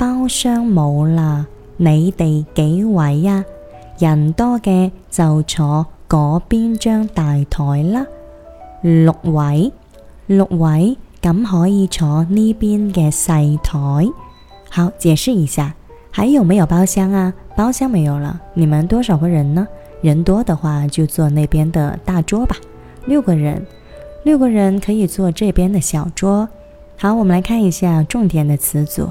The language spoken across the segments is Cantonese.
包廂冇啦，你哋幾位呀、啊？人多嘅就坐嗰邊張大台啦。六位，六位咁可以坐呢邊嘅細台。好，解釋一下，還有沒有包廂啊？包廂沒有了,你們多少個人呢？人多的話就坐那邊的大桌吧。六個人，六個人可以坐這邊的小桌。好，我們來看一下重點的詞組。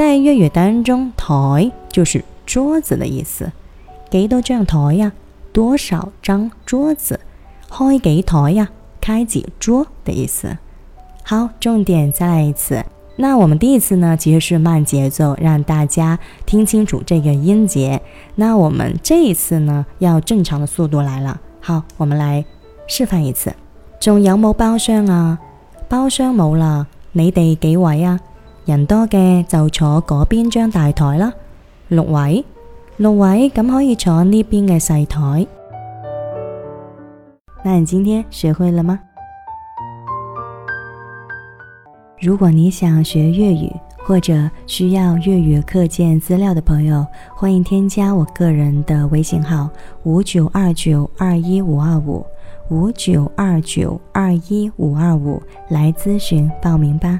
在粵語當中，台就是桌子的意思。幾多張台呀、啊？多少張桌子？開幾台呀、啊？開幾桌的意思。好，重點再來一次。那我們第一次呢，其實是慢節奏，讓大家聽清楚這個音節。那我們這一次呢，要正常的速度來了。好，我們來示範一次。仲有冇包廂啊？包廂冇了，你哋幾位呀？人多嘅就坐嗰邊張大台啦，六位。六位咁可以坐呢邊嘅細台。那你今天學會了嗎？如果你想學粵語或者需要粵語課件資料的朋友，歡迎添加我個人的微信號五九二九二一五二五五九二九二一五二五來諮詢報名吧。